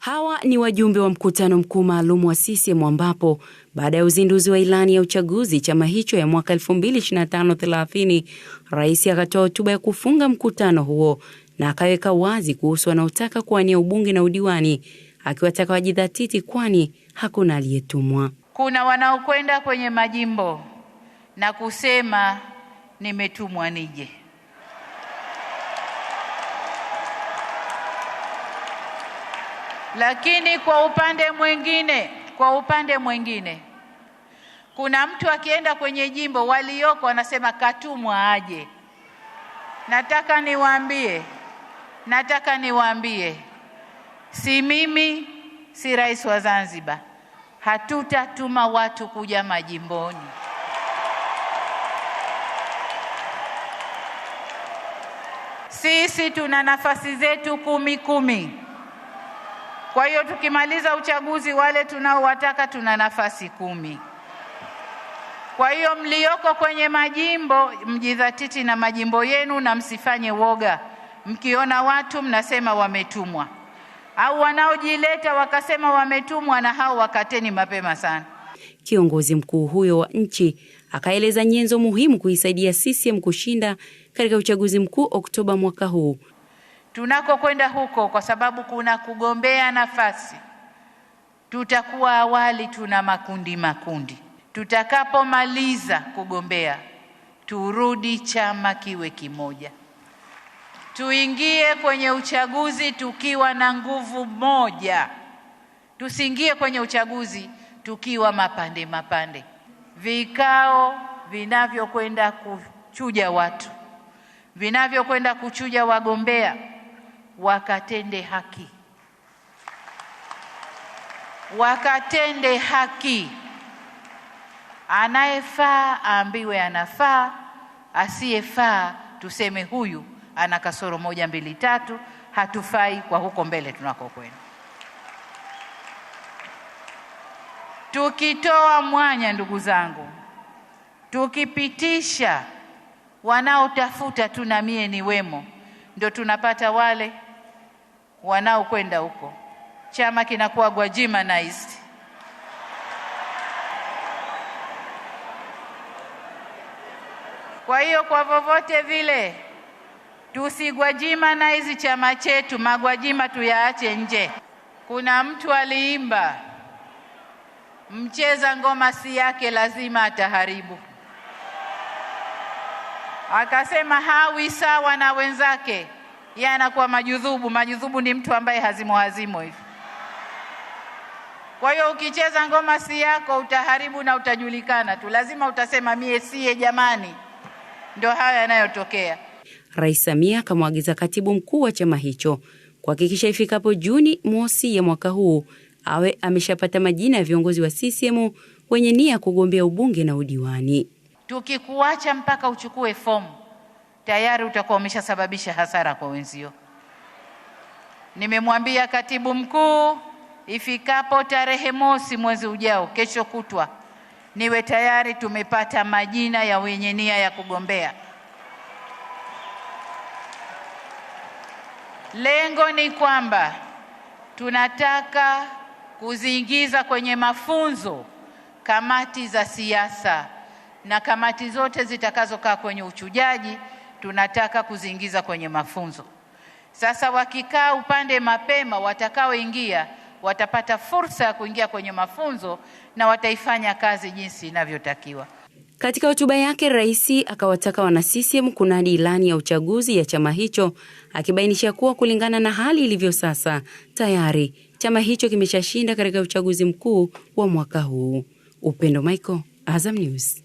Hawa ni wajumbe wa mkutano mkuu maalum wa CCM ambapo baada ya uzinduzi wa ilani ya uchaguzi chama hicho ya mwaka 2025-30 rais akatoa hotuba ya kufunga mkutano huo na akaweka wazi kuhusu wanaotaka kuwania ubunge na udiwani, akiwataka wajidhatiti, kwani hakuna aliyetumwa. Kuna wanaokwenda kwenye majimbo na kusema nimetumwa nije Lakini kwa upande mwingine, kwa upande mwingine kuna mtu akienda kwenye jimbo walioko anasema katumwa aje. Nataka niwaambie, nataka niwaambie, si mimi, si rais wa Zanzibar, hatutatuma watu kuja majimboni. Sisi tuna nafasi zetu kumi kumi. Kwa hiyo tukimaliza uchaguzi wale tunaowataka tuna nafasi kumi. Kwa hiyo mlioko kwenye majimbo mjidhatiti na majimbo yenu na msifanye woga. Mkiona watu mnasema wametumwa, au wanaojileta wakasema wametumwa, na hao wakateni mapema sana. Kiongozi mkuu huyo wa nchi akaeleza nyenzo muhimu kuisaidia CCM kushinda katika uchaguzi mkuu Oktoba mwaka huu. Tunakokwenda huko, kwa sababu kuna kugombea nafasi, tutakuwa awali tuna makundi makundi. Tutakapomaliza kugombea, turudi chama kiwe kimoja, tuingie kwenye uchaguzi tukiwa na nguvu moja. Tusiingie kwenye uchaguzi tukiwa mapande mapande. Vikao vinavyokwenda kuchuja watu, vinavyokwenda kuchuja wagombea wakatende haki, wakatende haki. Anayefaa aambiwe anafaa, asiyefaa tuseme huyu ana kasoro moja mbili tatu, hatufai kwa huko mbele tunako kwenda. Tukitoa mwanya, ndugu zangu, tukipitisha wanaotafuta tu na mie wemo, ndio tunapata wale wanaokwenda huko. Chama kinakuwa Gwajimanized. Kwa hiyo kwa vovote vile tusigwajima na hizi chama chetu, magwajima tuyaache nje. Kuna mtu aliimba, mcheza ngoma si yake lazima ataharibu. Akasema hawi sawa na wenzake yeye anakuwa majudhubu. Majudhubu ni mtu ambaye hazimu hazimu hivi. Kwa hiyo ukicheza ngoma si yako utaharibu na utajulikana tu, lazima utasema mie siye jamani. Ndio hayo yanayotokea. Rais Samia akamwagiza katibu mkuu wa chama hicho kuhakikisha ifikapo Juni mosi ya mwaka huu awe ameshapata majina ya viongozi wa CCM wenye nia ya kugombea ubunge na udiwani. Tukikuacha mpaka uchukue fomu tayari utakuwa umeshasababisha hasara kwa wenzio. Nimemwambia katibu mkuu ifikapo tarehe mosi mwezi ujao, kesho kutwa, niwe tayari tumepata majina ya wenye nia ya kugombea. Lengo ni kwamba tunataka kuziingiza kwenye mafunzo kamati za siasa na kamati zote zitakazokaa kwenye uchujaji tunataka kuziingiza kwenye mafunzo. Sasa wakikaa upande mapema, watakaoingia watapata fursa ya kuingia kwenye mafunzo na wataifanya kazi jinsi inavyotakiwa. Katika hotuba yake, rais akawataka wana CCM kunadi ilani ya uchaguzi ya chama hicho, akibainisha kuwa kulingana na hali ilivyo sasa, tayari chama hicho kimeshashinda katika uchaguzi mkuu wa mwaka huu. Upendo Michael, Azam News.